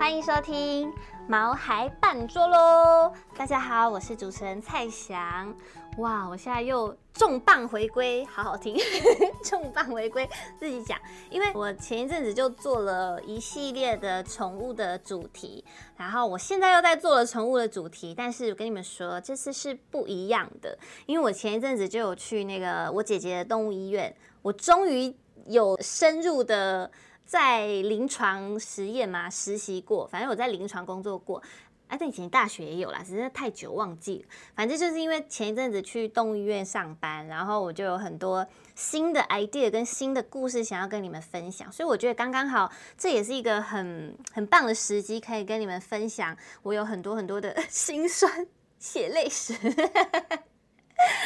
歡迎收聽毛孩辦桌嘍！大家好，我是主持人蔡祥。哇，我現在又重磅回歸，好好聽！ 重磅回歸自己講，因為我前一陣子就做了一系列的寵物的主題，然後我現在又在做了寵物的主題，但是我跟你們說，這次是不一樣的，因為我前一陣子就有去那個我姐姐的動物醫院，我終於有深入的。在臨床實驗嘛，實習過，反正我在臨床工作過。哎、啊，但以前大學也有啦，實在太久忘記了。反正就是因為前一陣子去動物醫院上班，然後我就有很多新的 idea 跟新的故事想要跟你們分享，所以我覺得剛剛好，這也是一個很很棒的時機，可以跟你們分享我有很多很多的心酸血淚史。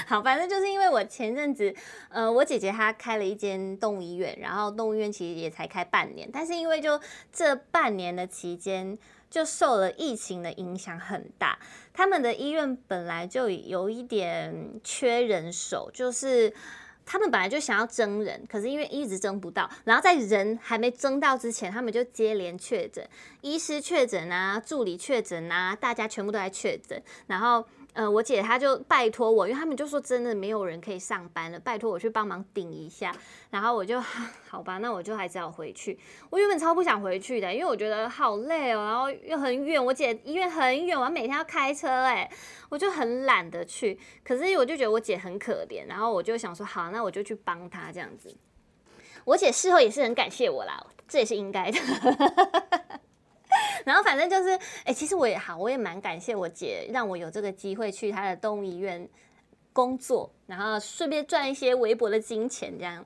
好，反正就是因為我前陣子，呃，我姐姐她開了一間動物醫院，然後動物醫院其實也才開半年，但是因為就這半年的期間，就受了疫情的影響很大。他們的醫院本來就有一點缺人手，就是他們本來就想要徵人，可是因為一直徵不到，然後在人還沒徵到之前，他們就接連確診，醫師確診啊，助理確診啊，大家全部都在確診，然後。呃，我姐她就拜託我，因為他們就說真的沒有人可以上班了，拜託我去幫忙頂一下。然後我就，好吧，那我就還是要回去。我原本超不想回去的、欸，因為我覺得好累哦、喔，然後又很遠，我姐醫院很遠，我每天要開車哎、欸，我就很懶得去。可是我就覺得我姐很可憐，然後我就想說好，那我就去幫她這樣子。我姐事後也是很感謝我啦，這也是應該的。 然後反正就是，哎、欸，其實我也好，我也蠻感謝我姐讓我有這個機會去她的動物醫院工作，然後順便賺一些微薄的金錢，這樣，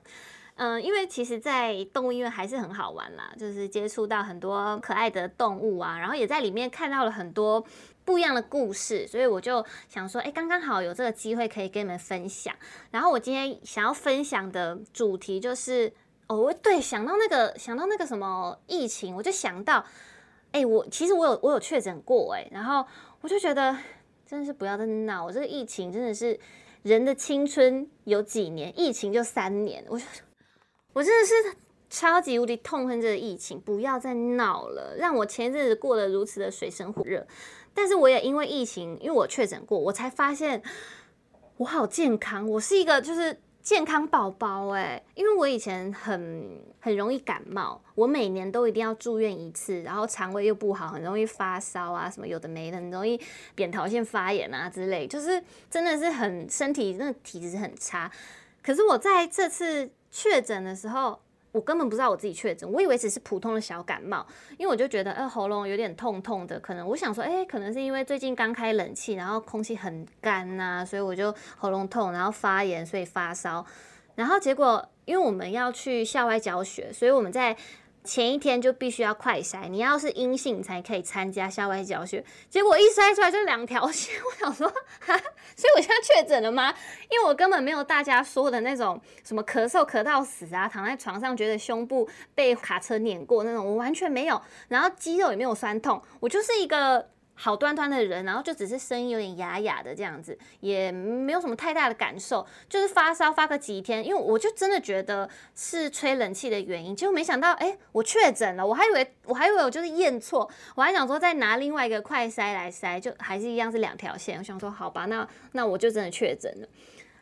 嗯，因為其實，在動物醫院還是很好玩啦，就是接觸到很多可愛的動物啊，然後也在裡面看到了很多不一樣的故事，所以我就想說，哎、欸，剛剛好有這個機會可以跟你們分享。然後我今天想要分享的主題就是，哦，對，想到那個，想到那個什麼疫情，我就想到。哎、欸，我其實我有我有確診過誒、欸、然後我就覺得真的是不要再鬧，我這個疫情真的是人的，青春有幾年，疫情就三年，我就我真的是超級無敵痛恨這個疫情，不要再鬧了，讓我前一陣子過得如此的水深火熱，但是我也因為疫情，因為我確診過，我才發現我好健康，我是一個就是。健康寶寶哎，因為我以前很很容易感冒，我每年都一定要住院一次，然後腸胃又不好，很容易發燒啊什麼有的沒的，很容易扁桃腺發炎啊之類，就是真的是很身體真的體質很差。可是我在這次確診的時候，我根本不知道我自己確診，我以為只是普通的小感冒，因為我就覺得，呃，喉嚨有點痛痛的，可能我想說，哎、欸，可能是因為最近剛開冷氣，然後空氣很乾吶、啊，所以我就喉嚨痛，然後發炎，所以發燒。然後結果，因為我們要去校外教學，所以我們在。前一天就必須要快篩，你要是陰性才可以參加校外教學。結果一篩出來就兩條線，我想說，哈哈，所以我現在確診了嗎？因為我根本沒有大家說的那種什麼咳嗽咳到死啊，躺在床上覺得胸部被卡車碾過那種，我完全沒有。然後肌肉也沒有酸痛，我就是一個。好端端的人，然後就只是聲音有點啞啞的這樣子，也沒有什麼太大的感受，就是發燒發個幾天。因為我就真的覺得是吹冷氣的原因，結果沒想到，哎、欸，我確診了。我還以為我還以為我就是驗錯，我還想說再拿另外一個快篩來篩，就還是一樣是兩條線。我想說好吧，那那我就真的確診了。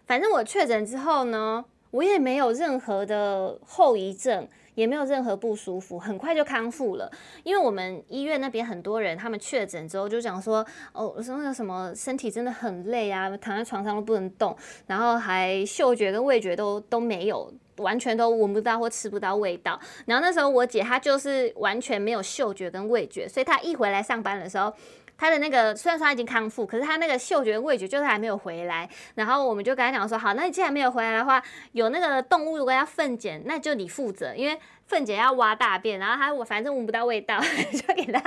反正我確診之後呢，我也沒有任何的後遺症。也沒有任何不舒服，很快就康復了。因為我們醫院那邊很多人，他們確診之後就講說，哦，什麼什麼身體真的很累啊，躺在床上都不能動，然後還嗅覺跟味覺都都沒有，完全都聞不到或吃不到味道。然後那時候我姐她就是完全沒有嗅覺跟味覺，所以她一回來上班的時候，他的那個雖然說他已經康復，可是他那個嗅覺味覺就是還沒有回來。然後我們就跟他講說，好，那你既然沒有回來的話，有那個動物如果要糞檢，那就你負責，因為糞檢要挖大便，然後他我反正聞不到味道，就給他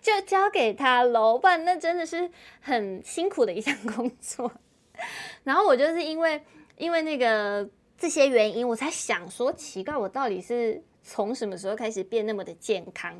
就交給他嘍。不然那真的是很辛苦的一項工作。然後我就是因為因為那個這些原因，我才想說奇怪，我到底是從什麼時候開始變那麼的健康？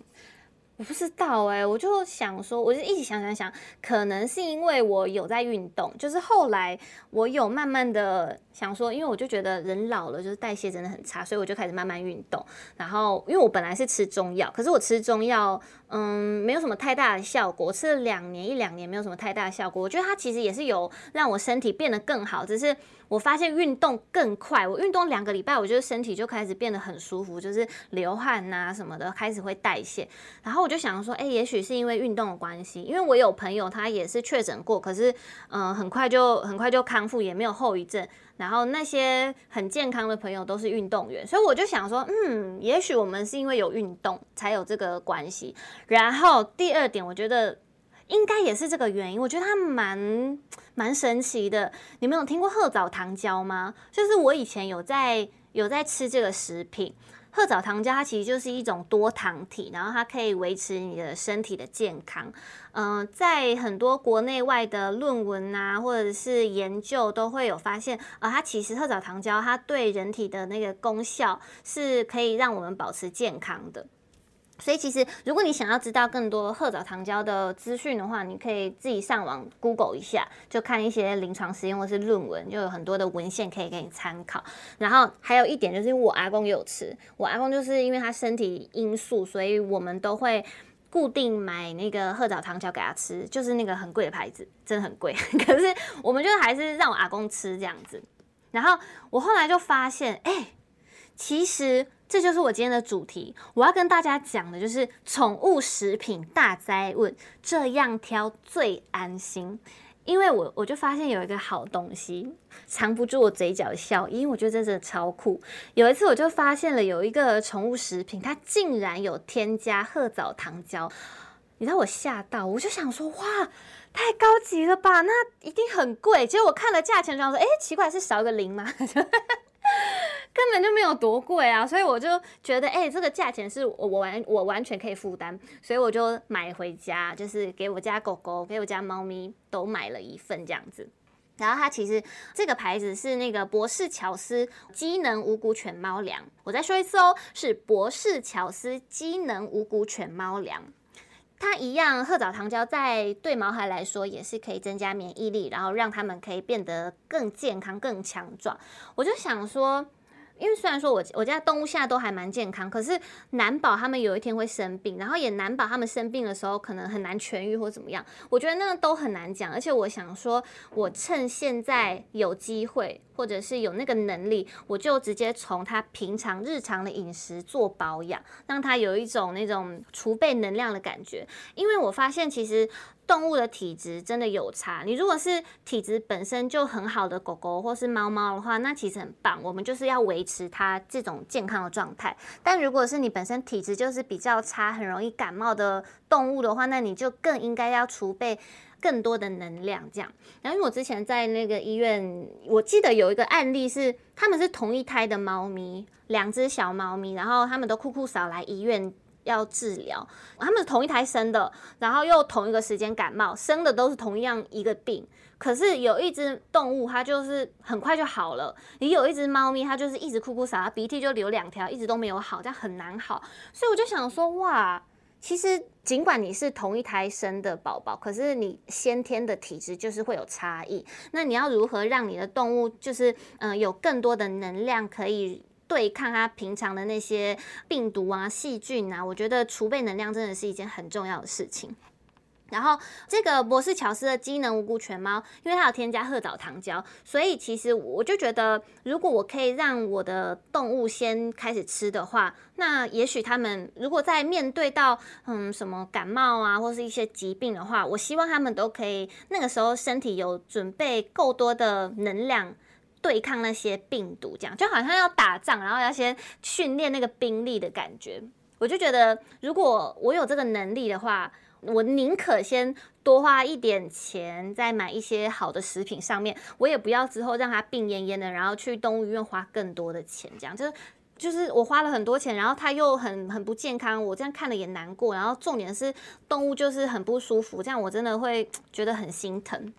我不知道欸，我就想說，我就一直想想想，可能是因為我有在運動，就是後來我有慢慢的想說，因為我就覺得人老了就是代謝真的很差，所以我就開始慢慢運動。然後因為我本來是吃中藥，可是我吃中藥，嗯，沒有什麼太大的效果，我吃了兩年一兩年沒有什麼太大的效果。我覺得它其實也是有讓我身體變得更好，只是。我發現運動更快，我運動兩個禮拜，我覺得身體就開始變得很舒服，就是流汗吶、啊、什麼的，開始會代謝。然後我就想說，誒，也許是因為運動的關係，因為我有朋友他也是確診過，可是嗯、呃，很快就很快就康復，也沒有後遺症。然後那些很健康的朋友都是運動員，所以我就想說，嗯，也許我們是因為有運動才有這個關係。然後第二點，我覺得。應該也是這個原因，我覺得它蠻蠻神奇的。你們有聽過褐藻糖膠嗎？就是我以前有在有在吃這個食品，褐藻糖膠它其實就是一種多糖體，然後它可以維持你的身體的健康。嗯、呃，在很多國內外的論文啊，或者是研究都會有發現，呃，它其實褐藻糖膠它對人體的那個功效是可以讓我們保持健康的。所以其實，如果你想要知道更多褐藻糖膠的資訊的話，你可以自己上網 Google 一下，就看一些臨床實驗或是論文，就有很多的文獻可以給你參考。然後還有一點就是，因為我阿公也有吃，我阿公就是因為他身體因素，所以我們都會固定買那個褐藻糖膠給他吃，就是那個很貴的牌子，真的很貴。可是我們就還是讓我阿公吃這樣子。然後我後來就發現，哎、欸，其實。這就是我今天的主題，我要跟大家講的就是寵物食品大哉問，這樣挑最安心。因為我我就發現有一個好東西，藏不住我嘴角笑，因為我覺得真的超酷。有一次我就發現了有一個寵物食品，它竟然有添加褐藻糖膠，你知道我嚇到，我就想說哇，太高級了吧，那一定很貴。結果我看了價錢，之後說，哎，奇怪，是少一個零嗎？ 根本就沒有多貴啊，所以我就覺得，哎、欸，這個價錢是我我完我完全可以負擔，所以我就買回家，就是給我家狗狗、給我家貓咪都買了一份這樣子。然後它其實這個牌子是那個博士巧思機能無谷犬貓糧，我再說一次哦，是博士巧思機能無谷犬貓糧。它一樣，褐藻糖膠在對毛孩來說也是可以增加免疫力，然後讓它們可以變得更健康、更強壯。我就想說。因為雖然說我我家動物現在都還蠻健康，可是難保它們有一天會生病，然後也難保它們生病的時候可能很難痊癒或怎麼樣。我覺得那個都很難講，而且我想說，我趁現在有機會或者是有那個能力，我就直接從它平常日常的飲食做保養，讓它有一種那種儲備能量的感覺。因為我發現其實。動物的體質真的有差。你如果是體質本身就很好的狗狗或是貓貓的話，那其實很棒。我們就是要維持它這種健康的狀態。但如果是你本身體質就是比較差，很容易感冒的動物的話，那你就更應該要儲備更多的能量。這樣，然後因為我之前在那個醫院，我記得有一個案例是，他們是同一胎的貓咪，兩隻小貓咪，然後他們都酷酷掃來醫院，要治療，他們是同一胎生的，然後又同一個時間感冒，生的都是同樣一個病。可是有一隻動物，它就是很快就好了；你有一隻貓咪，它就是一直哭哭撒，鼻涕就流兩條，一直都沒有好，這樣很難好。所以我就想說，哇，其實儘管你是同一胎生的寶寶，可是你先天的體質就是會有差異。那你要如何讓你的動物，就是嗯、呃，有更多的能量可以？對抗他平常的那些病毒啊、細菌啊，我覺得儲備能量真的是一件很重要的事情。然後，這個博士巧思的機能無穀全貓，因為它有添加褐藻糖膠，所以其實我就覺得，如果我可以讓我的動物先開始吃的話，那也許他們如果在面對到嗯什麼感冒啊，或是一些疾病的話，我希望他們都可以那個時候身體有準備夠多的能量。對抗那些病毒，這樣就好像要打仗，然後要先訓練那個兵力的感覺。我就覺得，如果我有這個能力的話，我寧可先多花一點錢在買一些好的食品上面，我也不要之後讓它病懨懨的，然後去動物醫院花更多的錢。這樣就是就是我花了很多錢，然後它又很很不健康，我這樣看了也難過。然後重點是動物就是很不舒服，這樣我真的會覺得很心疼。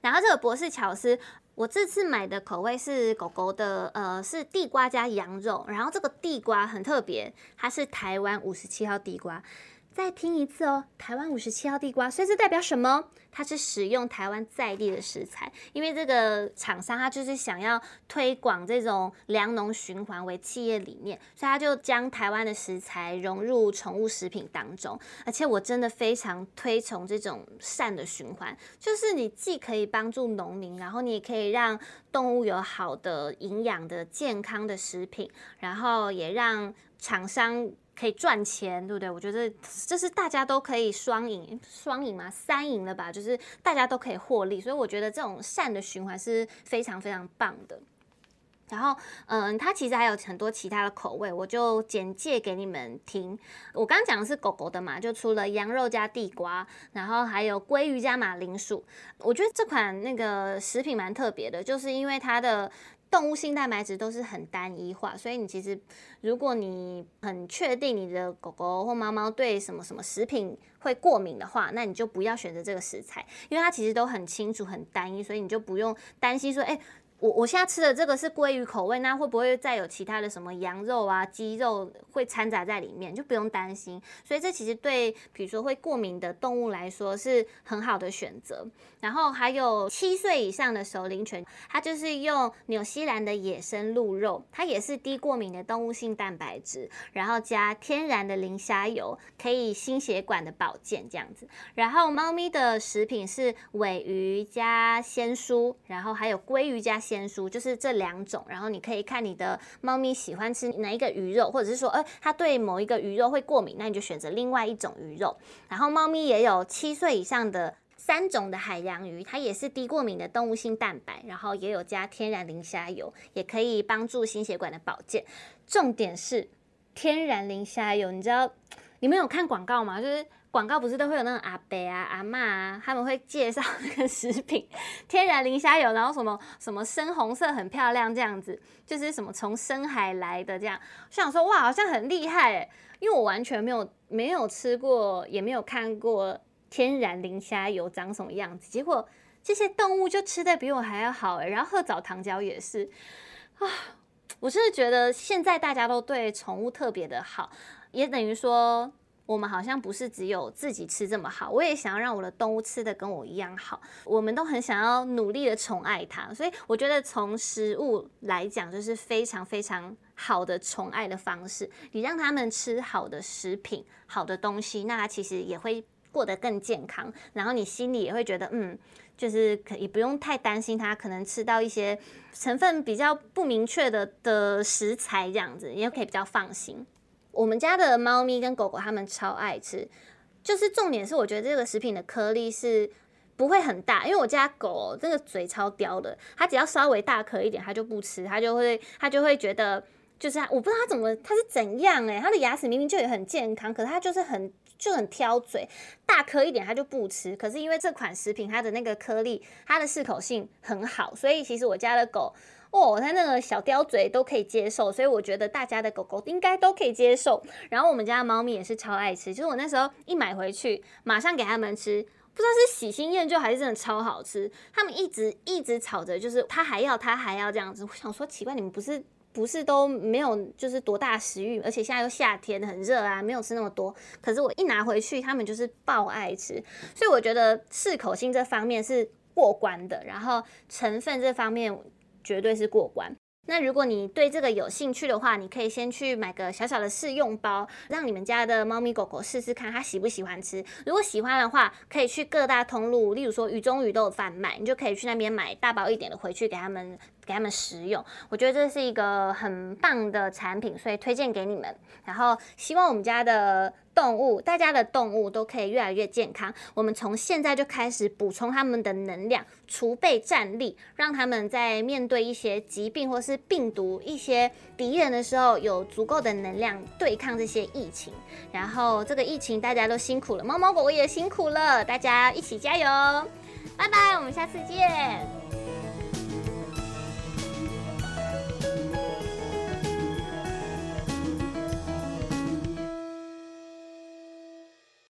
然後這個博士喬斯。我這次買的口味是狗狗的，呃，是地瓜加羊肉。然後這個地瓜很特別，它是台灣五十七號地瓜。再聽一次哦、喔，台灣五十七號地瓜，所以這代表什麼？它是使用台灣在地的食材，因為這個廠商他就是想要推廣這種糧農循環為企業理念，所以他就將台灣的食材融入寵物食品當中。而且我真的非常推崇這種善的循環，就是你既可以幫助農民，然後你也可以讓動物有好的營養的健康的食品，然後也讓廠商。可以賺錢，對不對？我覺得這是大家都可以雙贏，雙贏嘛，三贏了吧？就是大家都可以獲利，所以我覺得這種善的循環是非常非常棒的。然後，嗯，它其實還有很多其他的口味，我就簡介給你們聽。我剛講的是狗狗的嘛，就除了羊肉加地瓜，然後還有鮭魚加馬鈴薯。我覺得這款那個食品蠻特別的，就是因為它的。動物性蛋白質都是很單一化，所以你其實，如果你很確定你的狗狗或貓貓對什麼什麼食品會過敏的話，那你就不要選擇這個食材，因為它其實都很清楚、很單一，所以你就不用擔心說，欸我我現在吃的這個是鮭魚口味，那會不會再有其他的什麼羊肉啊、雞肉會摻雜在裡面？就不用擔心。所以這其實對，比如說會過敏的動物來說是很好的選擇。然後還有七歲以上的熟齡犬，它就是用紐西蘭的野生鹿肉，它也是低過敏的動物性蛋白質，然後加天然的磷蝦油，可以心血管的保健這樣子。然後貓咪的食品是鮪魚加鮮蔬，然後還有鮭魚加。鮮蔬就是這兩種，然後你可以看你的貓咪喜歡吃哪一個魚肉，或者是說，誒、呃、它對某一個魚肉會過敏，那你就選擇另外一種魚肉。然後，貓咪也有七歲以上的三種的海洋魚，它也是低過敏的動物性蛋白，然後也有加天然磷蝦油，也可以幫助心血管的保健。重點是天然磷蝦油，你知道你們有看廣告嗎？就是。廣告不是都會有那種阿伯啊、阿嬤啊，他們會介紹那個食品天然磷蝦油，然後什麼什麼深紅色很漂亮這樣子，就是什麼從深海來的這樣。像我想說哇，好像很厲害欸，因為我完全沒有沒有吃過，也沒有看過天然磷蝦油長什麼樣子。結果這些動物就吃得比我還要好欸，然後褐藻糖膠也是啊。我就是覺得現在大家都對寵物特別的好，也等於說。我們好像不是只有自己吃這麼好，我也想要讓我的動物吃得跟我一樣好。我們都很想要努力的寵愛它，所以我覺得從食物來講，就是非常非常好的寵愛的方式。你讓他們吃好的食品、好的東西，那他其實也會過得更健康。然後你心裡也會覺得，嗯，就是可以不用太擔心它可能吃到一些成分比較不明確的的食材，這樣子，你就可以比較放心。我們家的貓咪跟狗狗，它們超愛吃。就是重點是，我覺得這個食品的顆粒是不會很大，因為我家狗這個嘴超刁的，它只要稍微大顆一點，它就不吃，它就會它就會覺得，就是我不知道它怎麼，它是怎樣哎，它的牙齒明明就也很健康，可是它就是很就很挑嘴，大顆一點它就不吃。可是因為這款食品它的那個顆粒，它的適口性很好，所以其實我家的狗。哦，它那個小刁嘴都可以接受，所以我覺得大家的狗狗應該都可以接受。然後我們家貓咪也是超愛吃，就是我那時候一買回去，馬上給他們吃，不知道是喜新厭舊還是真的超好吃，它們一直一直吵着，就是它還要，它還要這樣子。我想說奇怪，你們不是不是都沒有就是多大食慾，而且現在又夏天很熱啊，沒有吃那麼多。可是我一拿回去，它們就是爆愛吃，所以我覺得適口性這方面是過關的，然後成分這方面，絕對是過關。那如果你對這個有興趣的話，你可以先去買個小小的試用包，讓你們家的貓咪狗狗試試看它喜不喜歡吃。如果喜歡的話，可以去各大通路，例如說魚中魚都有販賣，你就可以去那邊買大包一點的回去給他們，給他們食用。我覺得這是一個很棒的產品，所以推薦給你們。然後希望我們家的。動物，大家的動物都可以越來越健康。我們從現在就開始補充他們的能量儲備戰力，讓他們在面對一些疾病或是病毒、一些敵人的時候，有足夠的能量對抗這些疫情。然後這個疫情大家都辛苦了，貓貓狗狗也辛苦了，大家一起加油！拜拜，我們下次見。